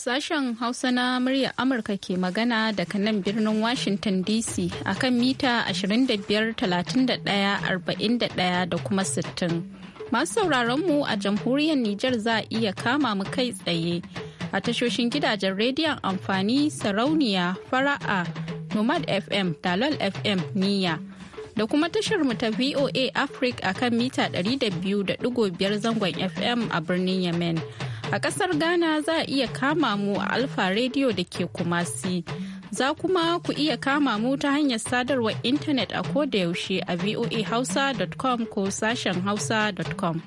Sashen Hausa na muryar Amurka ke magana daga nan birnin Washington DC akan mita 25 da kuma 60. Masu sauraronmu a jamhuriyar Nijar za a iya kama mu kai tsaye a tashoshin gidajen rediyon amfani sarauniya fara'a Nomad FM, dalol FM, niya da kuma tashar mu ta VOA Africa akan mita 200.5 zangon FM a birnin Yemen. A ƙasar Ghana za a iya kama mu a Alfa rediyo da ke Kumasi. Za kuma ku iya kama mu ta hanyar sadarwar intanet a ko da yaushe a voahausa.com ko sashen hausa.com.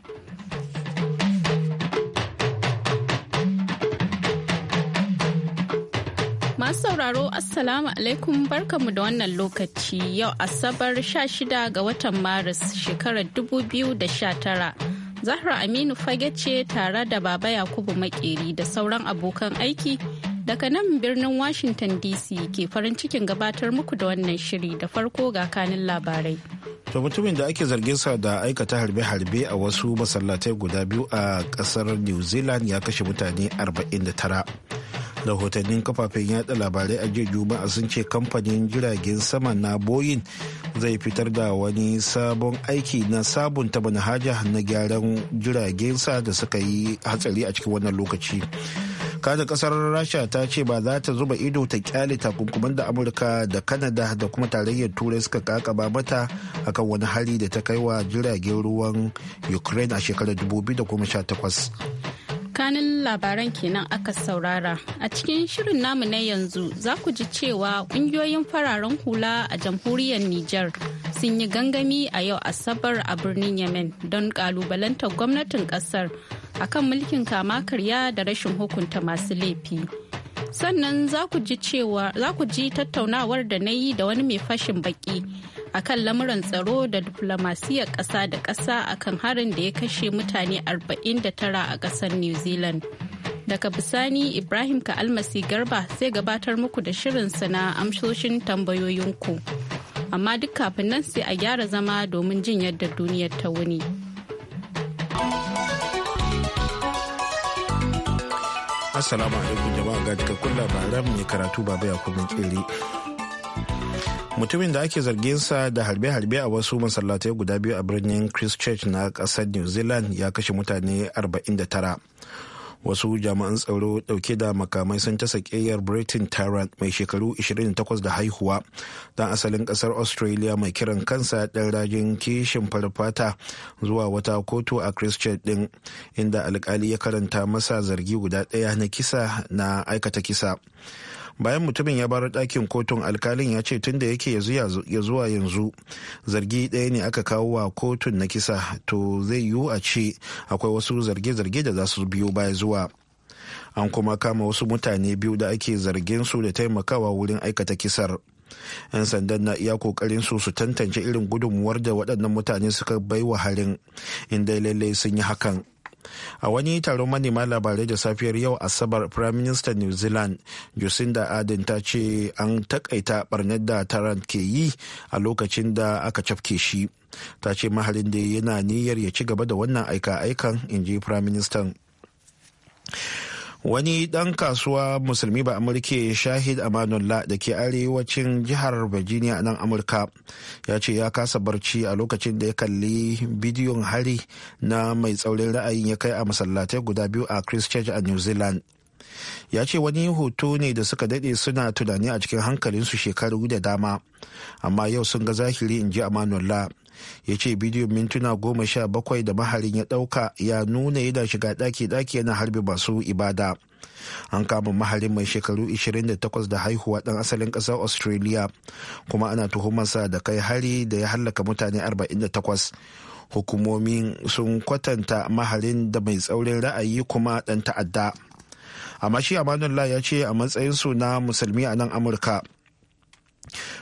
Masu sauraro Assalamu alaikum barkamu da wannan lokaci yau Asabar 16 ga watan Maris shekarar 2019 Zahra Aminu fage ce tare da Baba Yakubu Makeri da sauran abokan aiki daga nan birnin Washington DC ke farin cikin gabatar muku da wannan shiri da farko ga kanin labarai. To mutumin da ake zargin sa da aikata harbe-harbe a wasu masallatai guda biyu a kasar New Zealand ya kashe mutane 49. rahotannin kafafen yada labarai a jiya juma'a sun ce kamfanin jiragen sama na boyin zai fitar da wani sabon aiki na sabunta manhaja na gyaran jiragen sa da suka yi hatsari a cikin wannan lokaci kada kasar rasha ta ce ba za ta zuba ido ta kyale takunkuman da amurka da kanada da kuma tarayyar turai suka kakaba mata akan wani hari da ta kai wa jiragen ruwan ukraine a shekarar 2018 tsakanin labaran kenan aka saurara a cikin shirin namu na yanzu za ku ji cewa ƙungiyoyin fararen hula a jamhuriyar Nijar sun yi gangami a yau asabar a birnin yemen don kalubalantar gwamnatin kasar akan mulkin kama karya da rashin hukunta masu laifi sannan za ku ji cewa za ku ji tattaunawar da na yi da wani mai fashin baki a kan lamuran tsaro da diflomasiyyar ƙasa da ƙasa a kan harin da ya kashe mutane 49 a ƙasar new zealand daga bisani ibrahim ka almasi garba sai gabatar muku da shirinsa na amsoshin tambayoyinku amma duk kafin nan sai a gyara zama domin jin yadda duniyar ta wuni. Assalamu alaikum jama'a ga cikakkun labaran mai karatu baba ya kuma kiri. Mutumin da ake zargin sa da harbe-harbe a wasu masallatai guda biyu a birnin Christchurch na kasar New Zealand ya kashe mutane 49. wasu jami'an tsaro dauke da makamai sun ta sakeyar britain tyrant mai shekaru 28 da haihuwa dan asalin kasar australia mai kiran kansa dan rajin kishin farfata zuwa wata kotu a christchurch din inda alkali ya karanta masa zargi guda daya na kisa na aikata kisa bayan mutumin ya bar ɗakin kotun alkalin ya ce tun da yake ya zuwa yanzu zargi ɗaya ne aka kawo wa kotun na kisa to zai yiwu a ce akwai wasu zarge-zarge da za su biyo baya zuwa an kuma kama wasu mutane biyu da ake zargin su da taimakawa wurin aikata kisar 'yan sandan na iya kokarin su su tantance irin gudunmuwar da waɗannan mutane suka bai wa harin inda lallai sun yi hakan a wani taron manema labarai da safiyar yau asabar prime minister new zealand jacinda ardern ta ce an takaita barnar da taron ke yi a lokacin da aka cafke shi ta ce mahalin da yana niyyar ya ci gaba da wannan aika-aikan in ji prime minister wani ɗan kasuwa musulmi ba amurke shahid amanullah da ke arewacin jihar virginia nan amurka ya ce ya kasa barci a lokacin da ya kalli bidiyon hari na mai tsaurin ra'ayin ya kai a masallatai guda biyu a christchurch a new zealand ya ce wani hoto ne da suka daɗe suna tunani a cikin hankalinsu shekaru da dama amma yau sun ga zahiri in ji amanullah ya ce bidiyon mintuna goma sha bakwai da maharin ya ɗauka ya nuna yana shiga ɗaki-ɗaki yana harbi masu ibada an kama maharin mai shekaru 28 da haihuwa ɗan asalin ƙasar australia kuma ana tuhumarsa da kai hari da ya hallaka mutane 48 hukumomin sun kwatanta maharin da mai tsaurin ra'ayi kuma ɗan ta'adda amma shi amanullah ya ce a matsayinsu na musulmi a nan amurka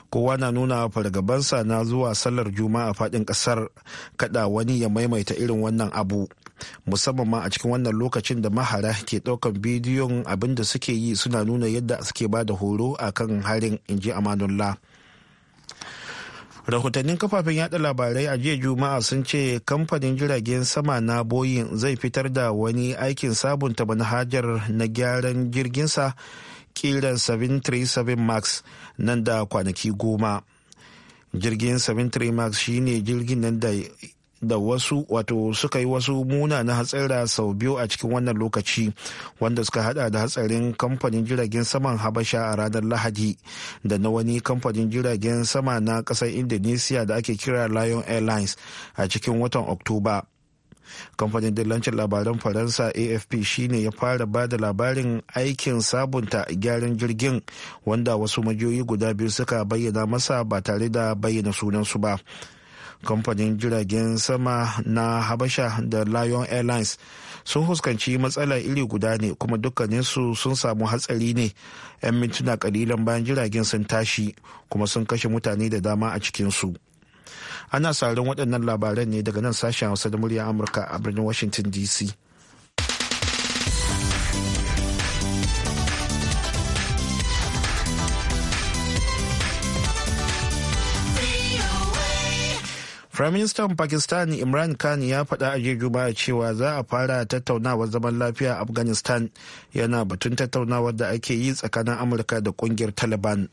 kowa na nuna fargabansa na zuwa sallar juma'a faɗin ƙasar kada wani ya maimaita irin wannan abu musamman ma a cikin wannan lokacin da mahara ke ɗaukan bidiyon abin da suke yi suna nuna yadda suke ba da horo a kan harin inji amanullah rahotannin kafafen yada labarai a jiya juma'a sun ce kamfanin jiragen sama na boeing zai fitar da wani aikin sabunta manhajar na gyaran jirginsa kilan 737 max nan da kwanaki goma jirgin 73 max shine jirgin nan da da wasu wato suka yi wasu muna na hatsara sau biyu a cikin wannan lokaci wanda suka hada da hatsarin kamfanin jiragen saman habasha a ranar lahadi da na wani kamfanin jiragen sama na kasar indonesia da ake kira lion airlines a cikin watan oktoba kamfanin dillancin labaran faransa afp shine ya fara ba da labarin aikin sabunta gyaran jirgin wanda wasu majiyoyi guda biyu suka bayyana masa ba tare da bayyana sunansu ba kamfanin jiragen sama na habasha da lion airlines sun fuskanci matsala iri guda ne kuma dukkaninsu sun samu hatsari ne 'yan mintuna kalilan bayan jiragen sun tashi kuma sun kashe mutane da dama a cikinsu. ana sauraron waɗannan labaran ne daga nan sashen hausa da murya amurka a birnin washington dc Prime Minister Pakistan Imran Khan ya faɗa a jiya Juma'a cewa za a fara tattaunawar zaman lafiya a Afghanistan yana batun tattaunawar da ake yi tsakanin Amurka da ƙungiyar Taliban.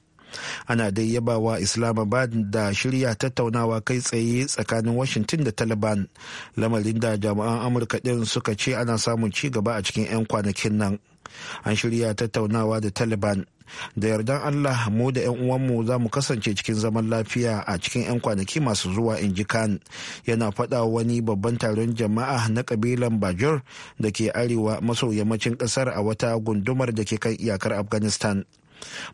ana dai wa islamabad da shirya tattaunawa kai tsaye tsakanin washington da taliban lamarin da jami'an amurka din suka ce ana samun ci gaba a cikin 'yan kwanakin nan an shirya tattaunawa da taliban da yardan allah mu da 'yan uwanmu za mu kasance cikin zaman lafiya a cikin 'yan kwanaki masu zuwa in ji khan yana faɗa wani babban taron jama'a na kabilan bajor da ke arewa maso yammacin ƙasar a wata gundumar da ke kan iyakar afghanistan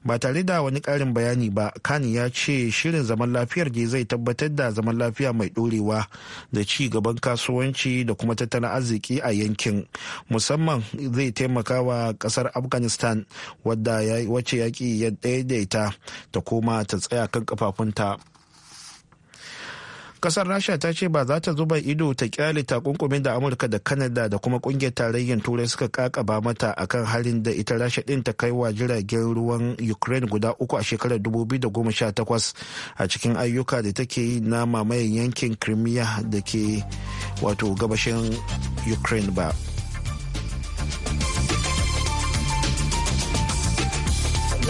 ba tare da wani karin bayani ba kani ya ce shirin zaman lafiyar ne zai tabbatar da zaman lafiya mai dorewa da ci gaban kasuwanci da kuma tattalin arziki a yankin musamman zai taimaka wa kasar afghanistan wadda wacce yaki ya daidaita ta koma ta tsaya kan kafafunta. kasar rasha ta ce ba za ta zuba ido ta kyale takunkumin da amurka da kanada da kuma kungiyar tarayyar turai suka kakaba mata akan halin da ita rasha din ta kai wa jiragen ruwan ukraine guda uku a shekarar 2018 a cikin ayyuka da take yi na mamayen yankin crimea da ke wato gabashin ukraine ba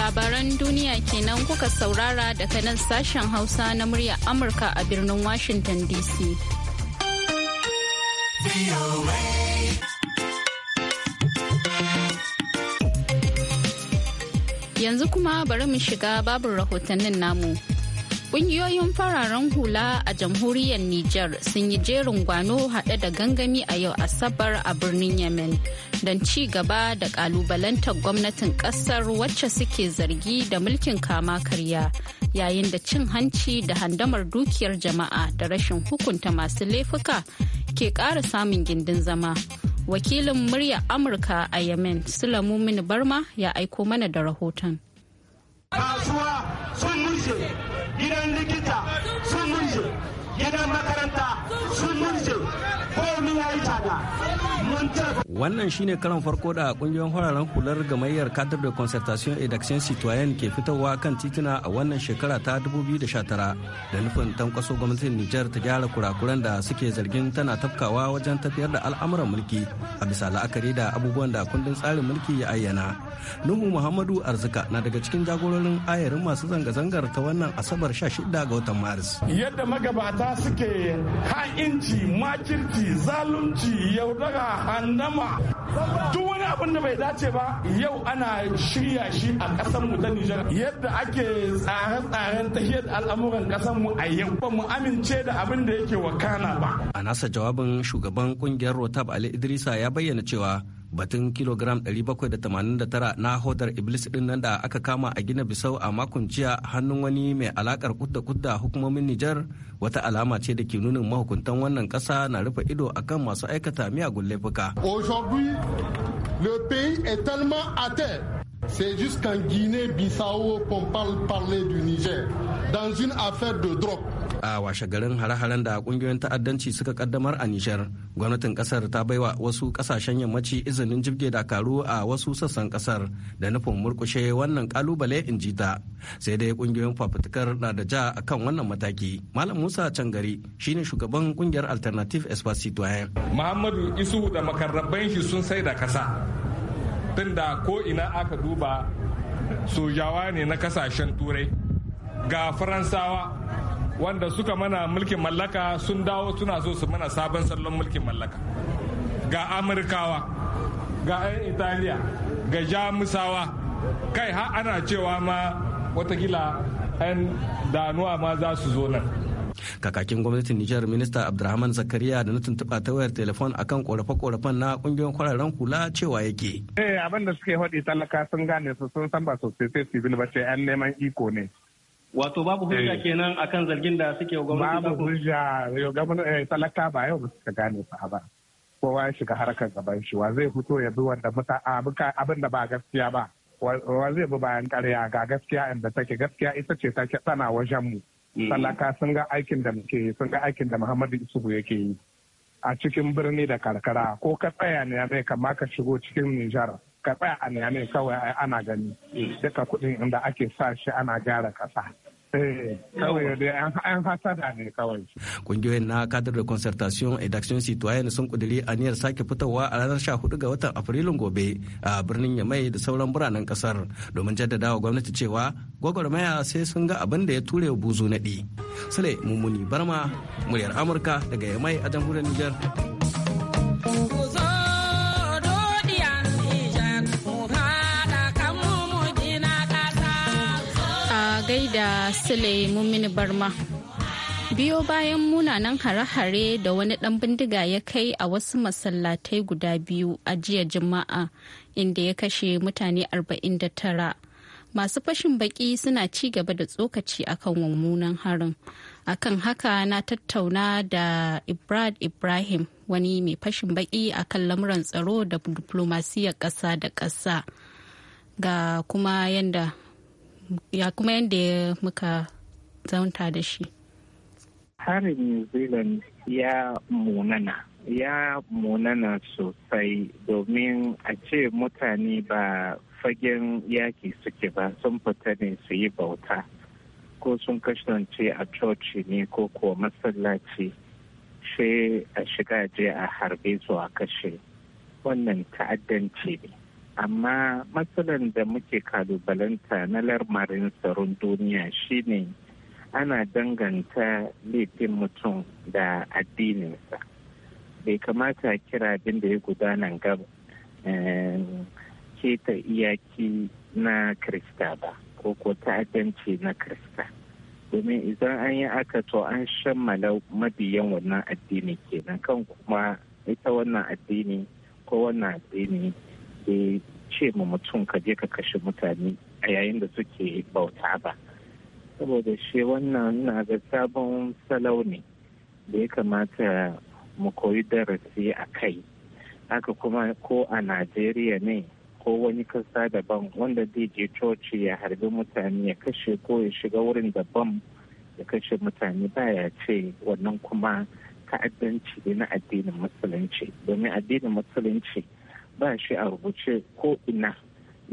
labaran duniya kenan kuka saurara daga nan sashen Hausa na murya Amurka a birnin Washington DC. Yanzu kuma bari mu shiga babin rahotannin namu. Ƙungiyoyin fararen hula a jamhuriyar Nijar sun yi jerin gwano haɗe da gangami a yau Asabar a birnin Yemen don ci gaba da ƙalubalantar gwamnatin ƙasar wacce suke zargi da mulkin kama karya yayin da cin hanci da handamar dukiyar jama'a da rashin hukunta masu laifuka ke ƙara samun gindin zama. Wakilin murya Amurka a Yemen, Sulamu Barma ya aiko mana da rahoton. Kasuwa sun gidan likita sun murje gidan makaranta sun murje ko ya yi tada mun tarfa wannan shine karan farko da kungiyoyin hararen hular gamayyar kadar da concertation et d'action citoyen ke fitowa kan tituna a wannan shekara ta 2019 da nufin tankwaso gwamnatin nijar ta gyara kurakuran da suke zargin tana tafkawa wajen tafiyar da al'amuran mulki a bisa la'akari da abubuwan da kundin tsarin mulki ya ayyana nuhu muhammadu arzika na daga cikin jagororin ayarin masu zanga-zangar ta wannan asabar 16 ga watan maris yadda magabata suke ha'inci makirci zalunci yaudara handama duk wani abin da bai dace ba yau ana shirya shi a kasar mu ta Nijar yadda ake tsare-tsaren da al'amuran kasar mu a yau ba mu amince da abin da yake wakana ba a nasa jawabin shugaban kungiyar Rotab Ali Idrisa ya bayyana cewa batun kilogram 789 na hodar iblis din nan da aka kama a gina bisau a makon jiya hannun wani mai alakar kudda kudda hukumomin nijar wata alama ce da ke nunin mahukuntan wannan kasa na rufe ido a kan masu aikata miyagun laifuka Le pays est tellement à terre C'est jusqu'en Guinée-Bissau qu'on parle parler du Niger dans une affaire de drogue. a washe garin hare-haren da kungiyoyin ta'addanci suka kaddamar a Nijar. Gwamnatin kasar ta baiwa wasu kasashen yammaci izinin jibge dakaru a wasu sassan kasar da nufin murkushe wannan kalubale in ji ta. Sai dai kungiyoyin fafutukar na da ja kan wannan mataki. Malam Musa Cangari ne shugaban kungiyar Alternative Espace Muhammadu Isu da makarraban shi sun sai da kasa. Tunda ko ina aka duba sojawa ne na kasashen turai ga faransawa wanda suka mana mulkin mallaka sun dawo suna so su mana sabon sallon mulkin mallaka ga amurkawa ga 'yan italiya ga jamusawa kai har ana cewa ma watakila 'yan danuwa ma za su zo nan kakakin gwamnatin nijar minista abdulrahman zakariya da na tuntuɓa ta wayar telefon akan korafe-korafen na ƙungiyoyin kwararren kula cewa yake eh abin da suke faɗi talaka sun gane su sun san ba sosai sai civil ba ce 'yan neman iko ne wato babu hujja eh. kenan akan zargin da suke wa gwamnati babu hujja gwamnati eh, talaka ba yau suka gane ba ba kowa ya shiga harkar gaban shi wa zai fito ya bi wanda abin da ba gaskiya ba wa zai bi bayan karya ga gaskiya inda take gaskiya ita ce take tsana wajen mu mm-hmm. talaka sun ga aikin da muke yi sun ga aikin da muhammadu isubu yake yi a cikin birni da karkara ko ka tsaya ne ya kama ka shigo cikin nijar ka tsaya a ne kawai ana gani mm. duka kuɗin inda ake sa shi ana gyara kasa Eh, Kungiyoyin na kadar da concertation et d'action citoyenne sun kuduri aniyar sake fitowa a ranar 14 ga watan Afrilun gobe a birnin Yamai da sauran biranen kasar domin jaddadawa gwamnati cewa gwagwarmaya sai sun ga abin da ya ture buzu naɗi. Sule Mumuni Barma, muryar Amurka daga Yamai a jamhuriyar Nijar. da Suleiman Mini Barma. Biyo bayan munanan hare-hare da wani ɗan bindiga ya kai a wasu masallatai guda biyu a jiya Juma'a inda ya kashe mutane 49. Masu fashin baki suna ci gaba da tsokaci akan mummunan harin. Akan haka na tattauna da Ibrad Ibrahim wani mai fashin baki akan lamuran tsaro da diplomasiyar ƙasa da ƙasa. Ga kuma yadda ya kuma yadda muka zaunta da shi harin new zealand ya munana ya munana sosai domin a ce mutane ba fagen yaki suke ba sun fita ne su yi bauta ko sun kasance a coci ne ko kuwa masallaci sai a shiga je a harbe su a kashe wannan ta'addanci ne amma matsalar da muke kalubalanta na larmarin tsaron duniya shine ana danganta laifin mutum da addininsa bai kamata kira abin da ya gudana ga eh, keta iyaki na krista ba ko ko ta'addanci na krista domin idan an yi aka to an shammala mabiyan wannan addini kenan kan kuma ita wannan addini ko wannan addini bai ce ma mutum ka je ka kashe mutane a yayin da suke bauta ba saboda shi wannan na ga sabon salau ne da ya kamata mu koyi darasi a kai haka kuma ko a najeriya ne ko wani kasa daban wanda zai je coci ya harbi mutane ya kashe ko ya shiga wurin daban ya kashe mutane baya ce wannan kuma ta'addanci ne na addinin musulunci domin addinin musulunci ba shi a rubuce ko ina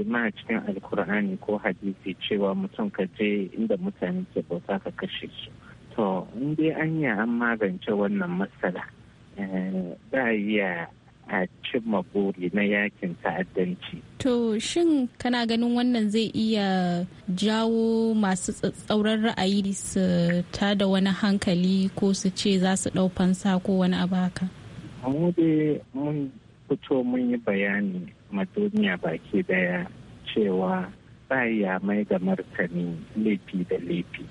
ina a cikin alkur'ani ko hadisi cewa mutum ka je inda mutane ke bauta ka kashe su to in dai an yi an magance wannan matsala ba eh, iya a cimma buri na yakin ta'addanci. To shin kana ganin wannan zai iya jawo masu tsatsauran ra'ayi su ta da wani hankali ko su ce za su ɗau fansa ko wani abu fito mun yi bayani ma duniya baki daya cewa ya mai da martani laifi da laifi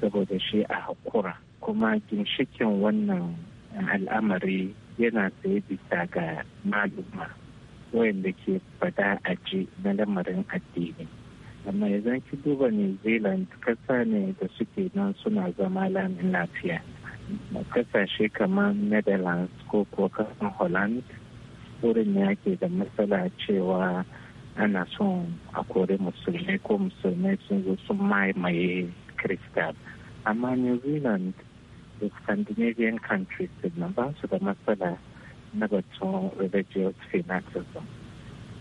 saboda shi a hakura kuma ginshikin wannan al'amari yana tsaye bisa ga maluma wayanda ke fada a ji na lamarin addini amma idan ki duba new zealand kasa ne da suke nan suna zama lamin lafiya kasashe kamar netherlands ko kasan holland wurin yake ke da matsala cewa ana son a kore musulmai ko musulmai sun zo sun maimaye kristal amma new zealand da scandinavian countries nan ba su da matsala na batun religious fanaticism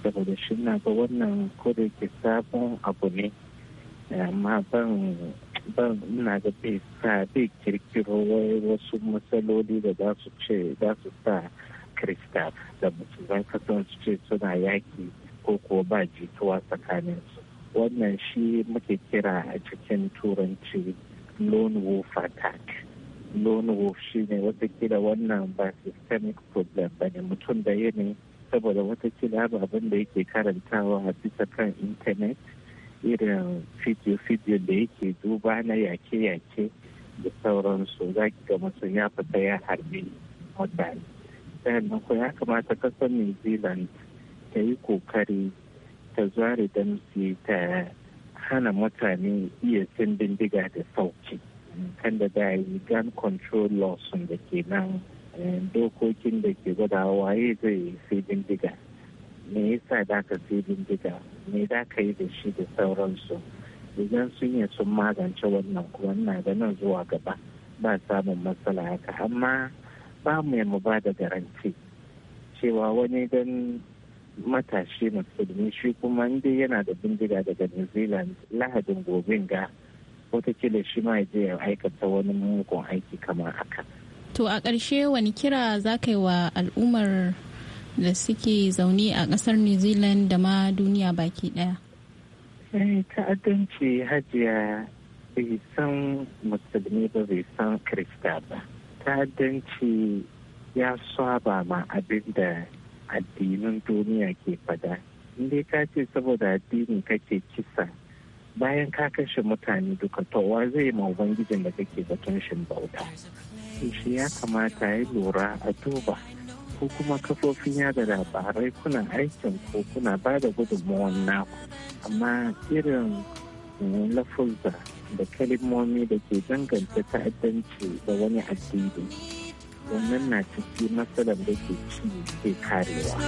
saboda shi na ga wannan da ke sabon abu ne amma ban ban na ga bai sa bai kirkiro wasu matsaloli da za su ce za su sa kirista da musulman kasance suna yaki ko kuwa ba jituwa tsakaninsu wannan shi muke kira a cikin turanci lone wolf attack lone wolf shi ne watakila wannan ba systemic problem ba ne mutum da ne saboda watakila ababen da yake karantawa a bisa kan intanet irin fidiyo-fidiyo da yake duba na yake-yake da sauransu za ki ga mutum ya fita ya harbi mutane nan ko ya kamata kasar new zealand ta yi kokari ta zare damsi ta hana mutane iya cin bindiga da sauki kan da da yi gun control laws da ke nan eh, dokokin da ke gwada waye zai sai bindiga me yasa da ka sai bindiga me da ka yi da shi da sauransu idan sun yi sun magance wannan kuma na nan zuwa gaba ba samun matsala haka amma ba mu mu ba da garanti cewa wani dan matashi musulmi shi kuma inda yana da bindiga daga new zealand lahadin gobin ga watakila shi ma ya je ya aikata wani mugun aiki kamar haka to a ƙarshe wani kira za ka yi wa al'ummar da suke zaune a ƙasar new zealand da ma duniya baki ɗaya eh, ta'addanci hajiya bai san musulmi ba bai san kirista ba ta'addanci ya saba ma abin da addinin duniya ke fada dai ka ce saboda addini kake kisa bayan ka kashe mutane duka to wa zai ma ubangijin da kake batun shin bauta shi ya kamata ya lura a duba ko kuma kafofin yada labarai kuna aikin ko kuna ba da gudunmawar naku amma irin lafuzza da kalmomi da ke danganta ta'addanci da wani addini wannan na ciki matsalar da ke ci ke karewa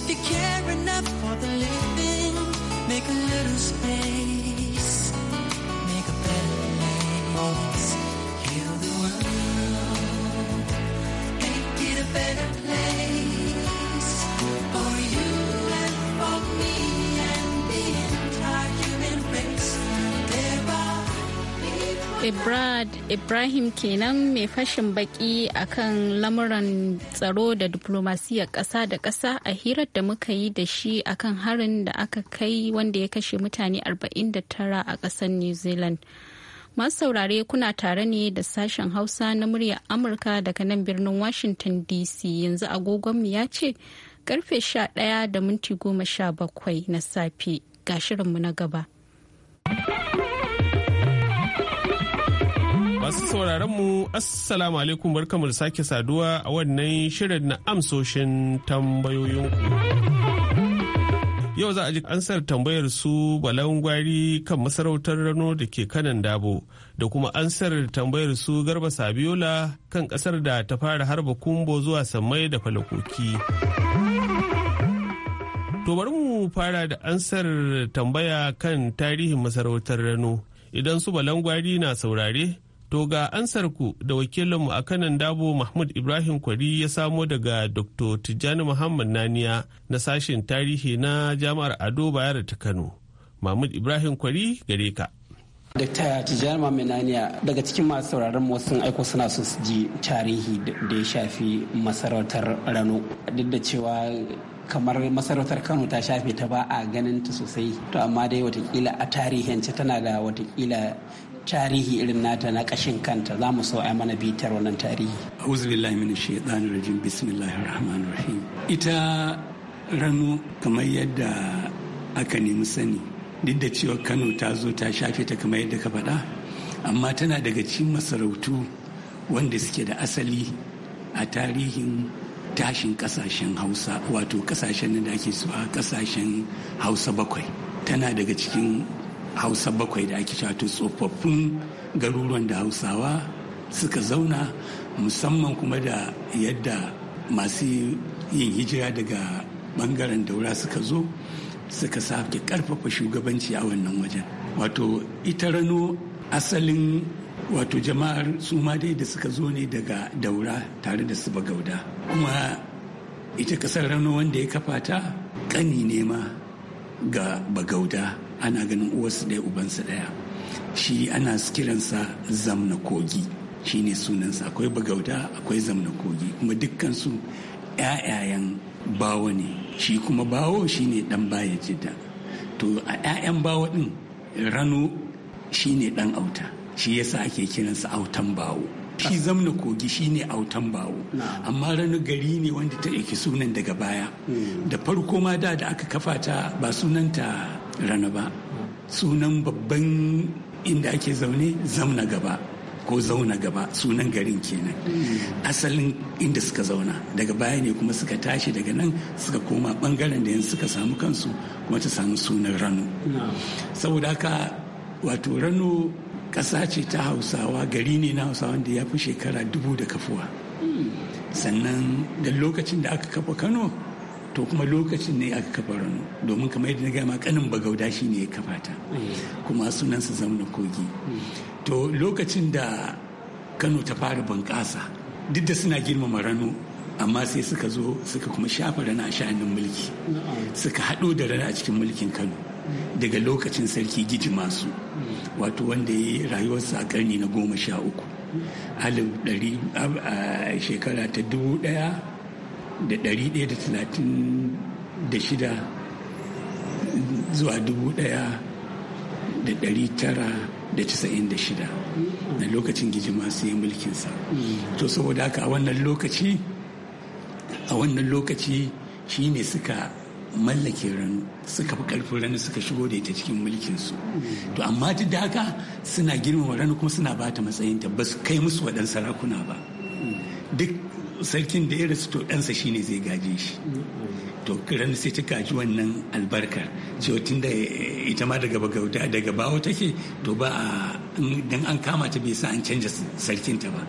If you care enough for the living, make a little space. Ibrahim kenan mai fashin baki akan lamuran tsaro da diplomasiyar ƙasa da ƙasa a hirar da muka yi da shi akan harin da aka kai wanda ya kashe mutane 49 a ƙasar New Zealand. Masu saurare kuna tare ne da sashen Hausa na muryar Amurka daga nan birnin Washington DC yanzu agogonmu ya ce karfe 11 da minti 17 na safe ga shirinmu na gaba. Masu sauraron mu Assalamu alaikum bar kamar sake saduwa a wannan shirin na amsoshin tambayoyinku. Yau za a ji ansar tambayar su balan gwari kan masarautar rano da ke kanan dabo da kuma ansar tambayar su garba sabiola kan kasar da ta fara harba kumbo zuwa sammai da falakoki. To bari mu fara da ansar tambaya kan tarihin masarautar rano idan su balangwari na saurare To ga ansarku da wakilinmu a kanan dabo Mahmud Ibrahim Kwari ya samo daga Dr. Tijjani Muhammad Naniya na sashen tarihi na Jami'ar Ado Bayar ta Kano. Mahmud Ibrahim Kwari gare ka. Dokta Tijjani Muhammad Naniya daga cikin masu sauraron mu sun aiko suna so su ji tarihi da ya shafi masarautar Rano. Duk da cewa kamar masarautar kano ta shafe ta ba a ganin ta sosai to amma dai watakila a tarihance tana da watakila tarihi irin nata na kashin kanta za mu so a mana bitar wannan tarihi. Auzubillahi min shaitan rajim bismillahir rahmanir rahim. Ita rano kamar yadda aka nemi sani duk da cewa Kano ta zo ta shafe ta kamar yadda ka faɗa amma tana daga cikin masarautu wanda suke da asali a tarihin tashin kasashen hausa wato kasashen da ake suwa kasashen hausa bakwai tana daga cikin hausa bakwai da ake cewa tsofaffin garuruwan da hausawa suka zauna musamman kuma da yadda masu yin hijira daga bangaren daura suka zo suka sake karfafa shugabanci a wannan wajen wato ita rano asalin wato jama'ar su ma dai da suka zo ne daga daura tare da su bagauda kuma ita kasar rano wanda ya kafa ta kani ne ma ga bagauda ana ganin uwarsu ɗaya ubansa ɗaya shi ana kiransa zamna kogi shi ne sunansa akwai bagauda akwai zamna kogi kuma dukkansu 'ya'yayen bawo ne shi kuma bawo shi ne ɗan baya jidda to a 'ya'yan bawo ɗin rano shi ne ɗan auta shi yasa ake kiransa autan bawo shi zamna kogi shine autan bawo amma rana gari ne wanda ta ɗauki sunan daga baya hmm. da farko ma da da aka kafa ta ba sunan ta rana ba sunan babban inda ake zaune zamna gaba ko zauna gaba sunan garin kenan hmm. asalin inda suka zauna daga baya ne kuma suka tashi daga nan suka koma bangaren da yanzu suka samu kansu kuma ta samu sunan rano saboda haka wato rano ƙasa ce ta hausawa gari ne na hausawa da ya fi shekara dubu da kafuwa sannan da lokacin da aka kafa kano to kuma lokacin ne aka kafa rano domin kamar yadda na gama kanin bagauda shi ne ya kafa ta kuma sunansa zamna kogi to lokacin da kano ta fara bunƙasa duk da suna girmama rano amma sai suka zo suka kuma shafa rana a sha'anin mulki suka haɗo da rana a cikin mulkin kano daga lokacin sarki giji masu wato wanda ya yi rayuwarsa a karni na goma sha uku halin ɗari shekara ta dubu ɗaya da ɗari ɗaya da talatin da shida zuwa dubu ɗaya da ɗari tara da casa'in da shida na lokacin giji masu yi mulkinsa to saboda haka a wannan lokaci a wannan lokaci shi ne suka mallake ran suka fi karfin rani suka shigo da ita cikin mulkin su to amma duk da haka suna girmama rani kuma suna bata matsayin ta matsayinta ba su kai musu waɗan sarakuna ba duk sarkin da ya rasu to ɗansa shine zai gaje shi to kiran sai ta kaji wannan albarkar cewa tun da eh, ita ma daga bagauta daga bawo take to ba a dan an kama ta bai sa an canja sarkinta ba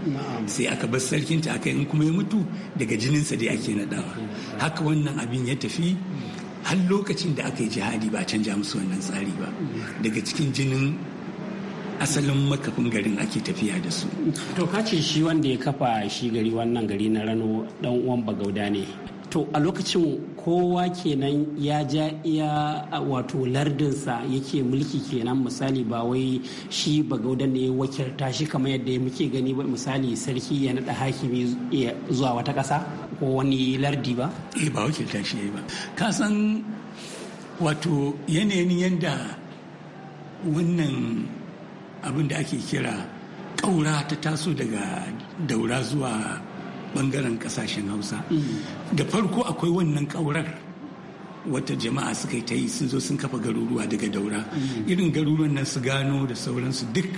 sai aka bar sarkinta aka in kuma ya mutu daga jininsa dai ake nadawa haka wannan abin ya tafi har lokacin da aka yi jihadi ba a canja musu wannan tsari ba daga cikin jinin asalin makafin garin ake tafiya da su. To ce shi wanda ya kafa shi gari wannan gari na Rano dan uwan Bagauda ne. to a lokacin kowa kenan ya ja iya wato lardinsa yake mulki kenan misali ba wai shi bagauda ne wakilta shi kamar yadda muke gani ba misali sarki ya naɗa hakimi zuwa wata ƙasa ko wani lardi ba? eh ba wakilta shi ba ka san wato yanayin yadda wannan abin da ake kira ƙaura ta taso daga daura zuwa bangaren kasashen hausa mm. da farko akwai wannan kaurar wata jama'a suka yi ta yi sun zo sun kafa garuruwa daga daura mm. irin garuruwan nan su gano da sauransu duk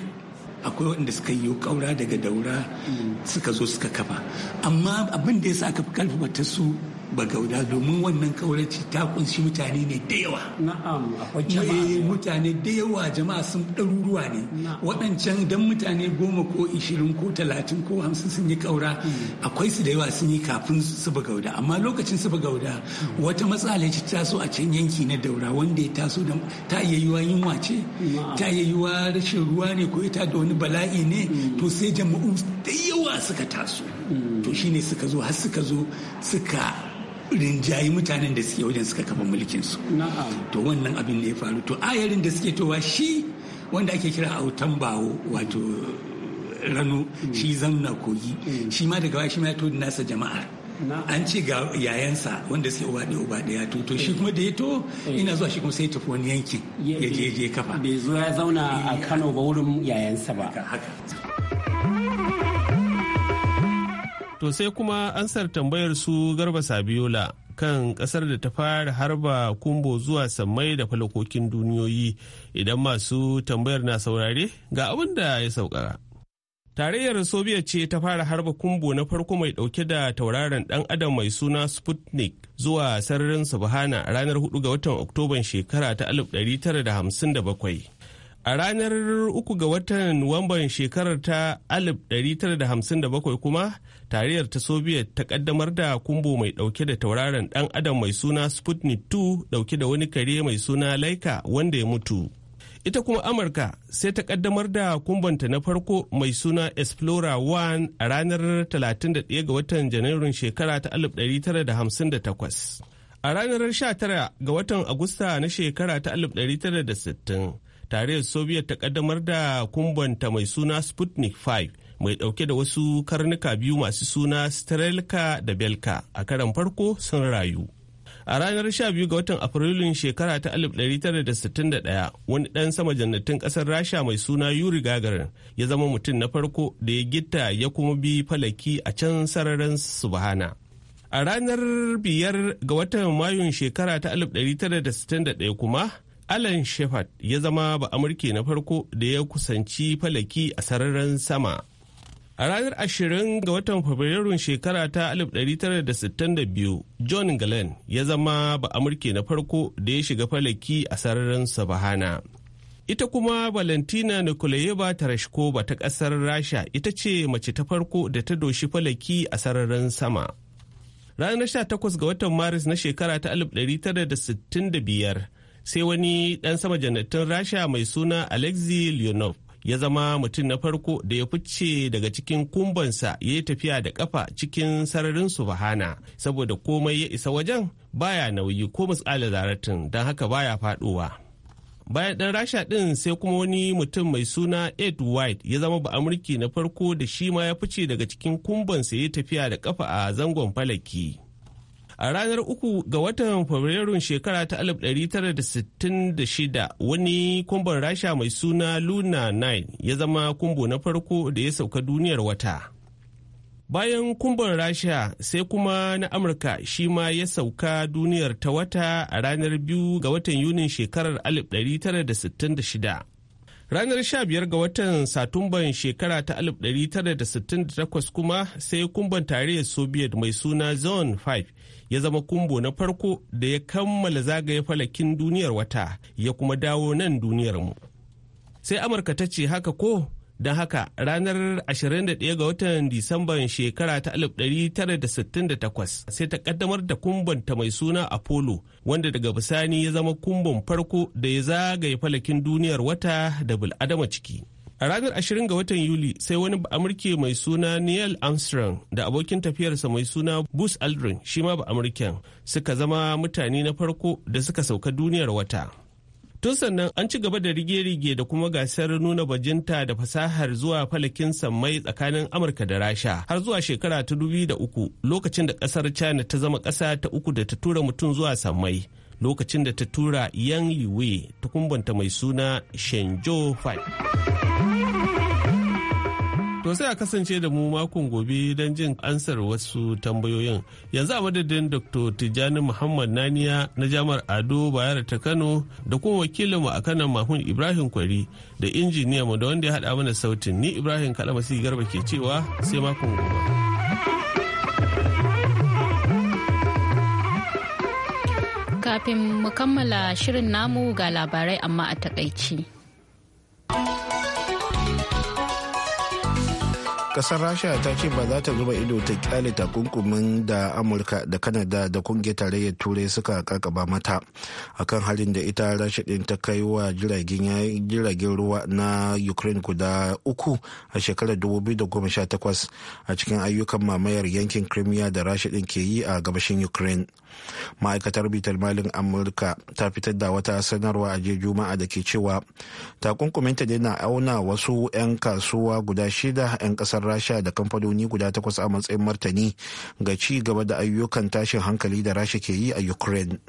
akwai waɗanda suka yi kaura daga daura mm. suka zo suka kafa amma abin da ya sa aka fi karfafa ta su bagauda domin wannan kaurace ta kunshi mutane ne da yawa na'am jama'a eh, mutane da yawa jama'a sun ɗaruruwa ne waɗancan dan mutane goma ko ishirin ko talatin ko hamsin sun yi kaura hmm. akwai su da yawa sun yi kafin su bagauda amma lokacin su bagauda hmm. wata matsala ce so a can yanki na daura wanda ya taso da ta iya yunwa ce ta iya rashin ruwa ne ko ita da wani bala'i ne hmm. to sai jama'u da yawa suka taso to shine suka zo har suka zo suka rinjayi mutanen da suke wajen suka kafa mulkin su to wannan abin ne ya faru to ayarin da suke towa shi wanda ake kira autan bawo wato rano shi zamna kogi mm. shi ma daga shi ma ya tori nasa jama'ar an ce ga yayansa wanda sai uba ɗaya uba ɗaya to to shi mm. kuma da ya to mm. ina zuwa shi kuma sai ya tafi wani yankin ya je je kafa bai zo ya zauna a Kano ba wurin yayansa ba haka To sai kuma ansar tambayar su Garba Sabiola kan kasar da ta fara harba kumbo zuwa sammai da falakokin duniyoyi idan masu tambayar na saurare ga abin da ya saukara. Tarayyar Soviet ce ta fara harba kumbo na farko mai dauke da tauraron dan adam mai suna Sputnik zuwa sararin Subhana a ranar 4 ga watan Oktoban shekara ta 1957. A ranar 3 ga watan Nuwamban shekarar ta 1957 kuma tarayyar ta soviet ta kaddamar da kumbo mai dauke da tauraron dan adam mai suna sputnik 2 dauke da wani kare mai suna laika wanda ya mutu ita kuma amurka sai ta kaddamar da kumbanta na farko mai suna explorer 1 a ranar 31 ga watan janairun shekara ta 1958 a ranar 19 ga watan agusta na shekara ta 1960 tarayyar soviet ta kaddamar da kumbanta mai suna sputnik mai ɗauke da wasu karnuka biyu masu suna strelka da belka a karan farko sun rayu a ranar 12 ga watan afrilun shekara ta 1961 wani ɗan sama jannatin ƙasar rasha mai suna yuri gagarin ya zama mutum na farko da ya gitta ya kuma bi falaki a can sararin subhana a ranar biyar ga watan mayun shekara ta 1961 kuma alan shepard ya zama ba amurke na farko da ya kusanci falaki a sararin sama A ranar 20 ga watan Fabrairun shekara ta 1962, John Glenn ya zama ba Amurke na farko da ya shiga falaki a sararin Sabahana. Ita kuma Valentina Nikolayeva Tereshkova ta ƙasar Rasha ita ce mace ta farko da ta doshi falaki a sararin sama. Ranar 18 ga watan Maris na shekara ta 1965 sai wani ɗan sama jannatin Rasha mai suna Alexei Leonov ya zama mutum na farko da ya fice daga cikin kumbansa ya yi tafiya da kafa cikin sararin subhana saboda komai ya isa wajen baya nauyi ko misali zaratin don haka baya faduwa bayan ɗan rasha ɗin sai kuma wani mutum mai suna ed white ya zama ba amurki na farko da shi ma ya fice daga cikin kumbansa ya yi tafiya da kafa a zangon falaki A ranar uku ga watan Fabrairu shekara ta 1966 wani kumbon rasha mai suna Luna 9 ya zama kumbo na farko da ya sauka duniyar wata. Bayan kumbon rasha sai kuma na Amurka shi ma ya sauka duniyar ta wata a ranar biyu ga watan Yunin shekarar 1966. Ranar 15 ga watan Satumban shekara ta 1968 kuma sai kumban tarayyar Soviet mai suna Zone 5 ya zama kumbo na farko da ya kammala zagaye falakin duniyar wata ya kuma dawo nan duniyarmu. Sai Amurka ta ce haka ko don haka ranar 21 ga watan Disamban shekara ta 1968 sai ta kaddamar da kumbanta mai suna Apollo wanda daga bisani ya zama kumbon farko da ya zagaye falakin duniyar wata da bil'adama ciki. A ranar 20 ga watan Yuli sai wani Amurke mai suna Neil Armstrong da abokin tafiyarsa mai suna Buzz Aldrin shi ma ba Amurken suka zama mutane na farko da suka sauka duniyar wata. Tun sannan an ci gaba da rige-rige da kuma gasar nuna bajinta da fasahar zuwa falakin sammai tsakanin Amurka da Rasha har zuwa shekara ta dubi da uku lokacin da kasar China ta zama kasa ta uku da ta tura mutum zuwa sammai lokacin da ta tura Yang Liwei ta kumbanta mai suna Shenzhou 5. To sai a kasance da mu makon gobe don jin ansar wasu tambayoyin. Yanzu a madadin Dr. Tijjani Muhammad Naniya na Jami'ar Ado Bayar ta Kano da kuma wakilinmu a Kano Mahmud Ibrahim Kwari da injiniya mu da wanda ya hada mana sautin ni Ibrahim Kalamasi Garba ke cewa sai makon gobe. Kafin mu kammala shirin namu ga labarai amma a takaici. kasar rasha ta ce ba za ta zuba ido ta kyale takunkumin da amurka da kanada da kungiyar tarayyar turai suka kakaba mata akan halin da ita rasha din ta kai wa jiragen ruwa na ukraine guda uku a shekarar 2018 a cikin ayyukan mamayar yankin crimea da rasha din ke yi a gabashin ukraine ma'aikatar bitar malin amurka ta fitar da wata sanarwa a jiya juma'a da ke cewa takunkuminta dai na auna wasu 'yan kasuwa guda shida 'yan kasar rasha da kamfanoni guda takwas a matsayin martani ga ci gaba da ayyukan tashin hankali da rasha ke yi a ukraine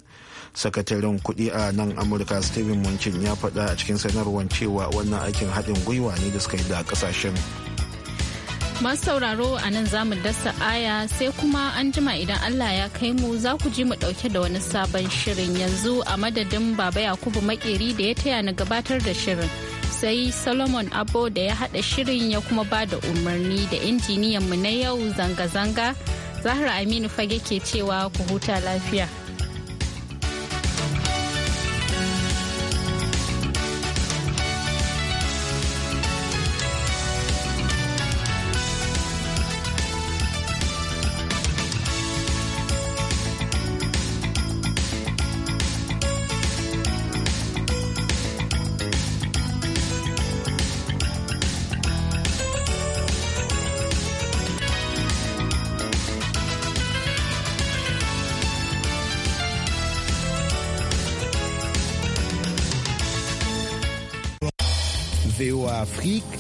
sakataren kudi a nan amurka steven munchin ya faɗa a cikin sanarwar cewa wannan aikin haɗin gwiwa ne da suka yi da ƙasashen. Masu sauraro a nan za mu dasa aya sai kuma an jima idan Allah ya kai mu za ku ji mu ɗauke da wani sabon shirin yanzu a madadin Baba Yakubu Makeri da ya taya na gabatar da shirin. Sai Solomon Abo da ya haɗa shirin ya kuma ba da umarni da injiniyan mu na yau zanga-zanga. Zahra Aminu fage ke cewa ku huta lafiya. Patrick